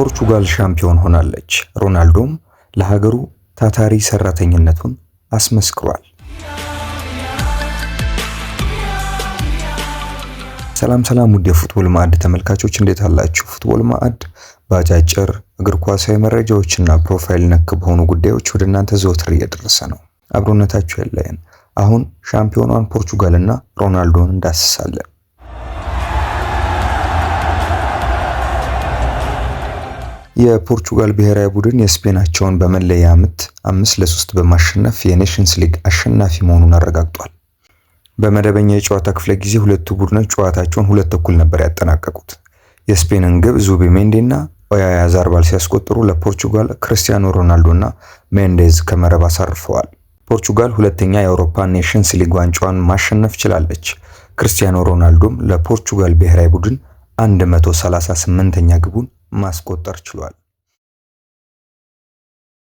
ፖርቹጋል ሻምፒዮን ሆናለች። ሮናልዶም ለሀገሩ ታታሪ ሰራተኝነቱን አስመስክሯል። ሰላም ሰላም ውድ የፉትቦል ማዕድ ተመልካቾች እንዴት አላችሁ? ፉትቦል ማዕድ በአጫጭር እግር ኳሳዊ መረጃዎችና ፕሮፋይል ነክ በሆኑ ጉዳዮች ወደ እናንተ ዘወትር እየደረሰ ነው። አብሮነታችሁ ያለየን። አሁን ሻምፒዮኗን ፖርቹጋልና ሮናልዶን እንዳስሳለን። የፖርቹጋል ብሔራዊ ቡድን የስፔናቸውን በመለያ ምት አምስት ለሶስት በማሸነፍ የኔሽንስ ሊግ አሸናፊ መሆኑን አረጋግጧል። በመደበኛ የጨዋታ ክፍለ ጊዜ ሁለቱ ቡድኖች ጨዋታቸውን ሁለት እኩል ነበር ያጠናቀቁት። የስፔንን ግብ ሜንዴ እና ኦያያ ዛርባል ሲያስቆጥሩ ለፖርቹጋል ክርስቲያኖ ሮናልዶ እና ሜንዴዝ ከመረብ አሳርፈዋል። ፖርቹጋል ሁለተኛ የአውሮፓ ኔሽንስ ሊግ ዋንጫዋን ማሸነፍ ችላለች። ክርስቲያኖ ሮናልዶም ለፖርቹጋል ብሔራዊ ቡድን 138ኛ ግቡን ማስቆጠር ችሏል።